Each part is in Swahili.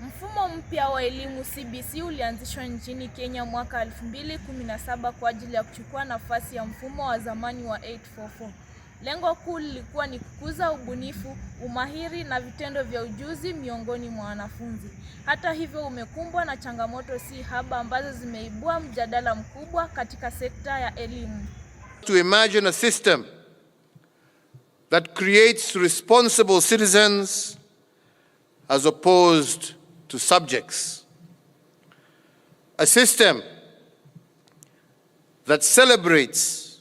Mfumo mpya wa elimu CBC ulianzishwa nchini Kenya mwaka 2017 kwa ajili ya kuchukua nafasi ya mfumo wa zamani wa 844. Lengo kuu lilikuwa ni kukuza ubunifu, umahiri na vitendo vya ujuzi miongoni mwa wanafunzi. Hata hivyo, umekumbwa na changamoto si haba ambazo zimeibua mjadala mkubwa katika sekta ya elimu. To imagine a system that creates responsible citizens as opposed to subjects. A system that celebrates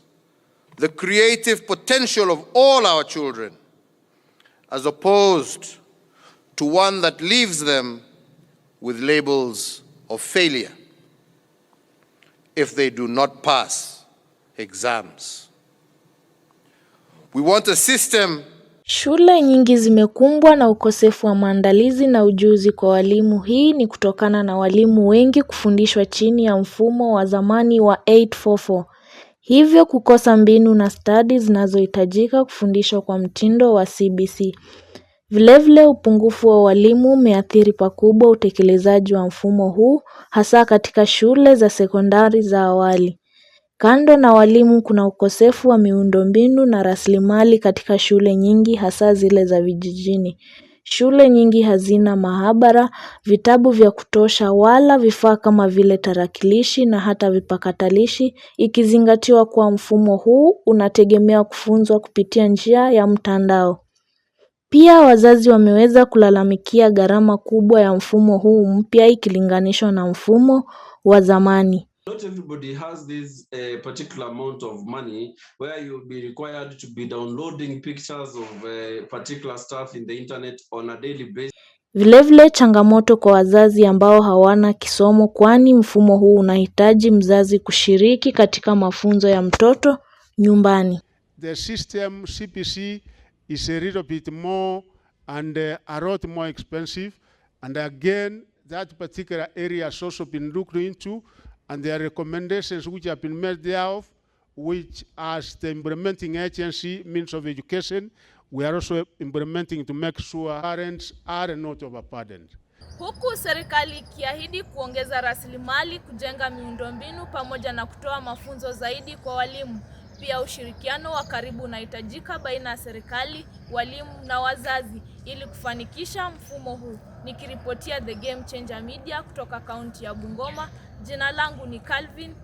the creative potential of all our children as opposed to one that leaves them with labels of failure if they do not pass exams. We want a system Shule nyingi zimekumbwa na ukosefu wa maandalizi na ujuzi kwa walimu hii ni kutokana na walimu wengi kufundishwa chini ya mfumo wa zamani wa 844, Hivyo kukosa mbinu na stadi zinazohitajika kufundishwa kwa mtindo wa CBC. Vilevile upungufu wa walimu umeathiri pakubwa utekelezaji wa mfumo huu hasa katika shule za sekondari za awali. Kando na walimu kuna ukosefu wa miundombinu na rasilimali katika shule nyingi hasa zile za vijijini. Shule nyingi hazina maabara, vitabu vya kutosha wala vifaa kama vile tarakilishi na hata vipakatalishi ikizingatiwa kuwa mfumo huu unategemea kufunzwa kupitia njia ya mtandao. Pia wazazi wameweza kulalamikia gharama kubwa ya mfumo huu mpya ikilinganishwa na mfumo wa zamani not everybody has this uh, particular amount of money where you'll be required to be downloading pictures of uh, particular stuff in the internet on a daily basis. Vilevile changamoto kwa wazazi ambao hawana kisomo, kwani mfumo huu unahitaji mzazi kushiriki katika mafunzo ya mtoto nyumbani. The system CPC is a little bit more and a lot more expensive and again that particular area has also been looked into and their recommendations which have been made thereof, which as the implementing agency, means of education, we are also implementing to make sure parents are not overburdened. Huku serikali ikiahidi kuongeza rasilimali, kujenga miundombinu pamoja na kutoa mafunzo zaidi kwa walimu. Pia ushirikiano wa karibu unahitajika baina ya serikali, walimu na wazazi ili kufanikisha mfumo huu. Nikiripotia The Game Changer Media kutoka kaunti ya Bungoma, jina langu ni Calvin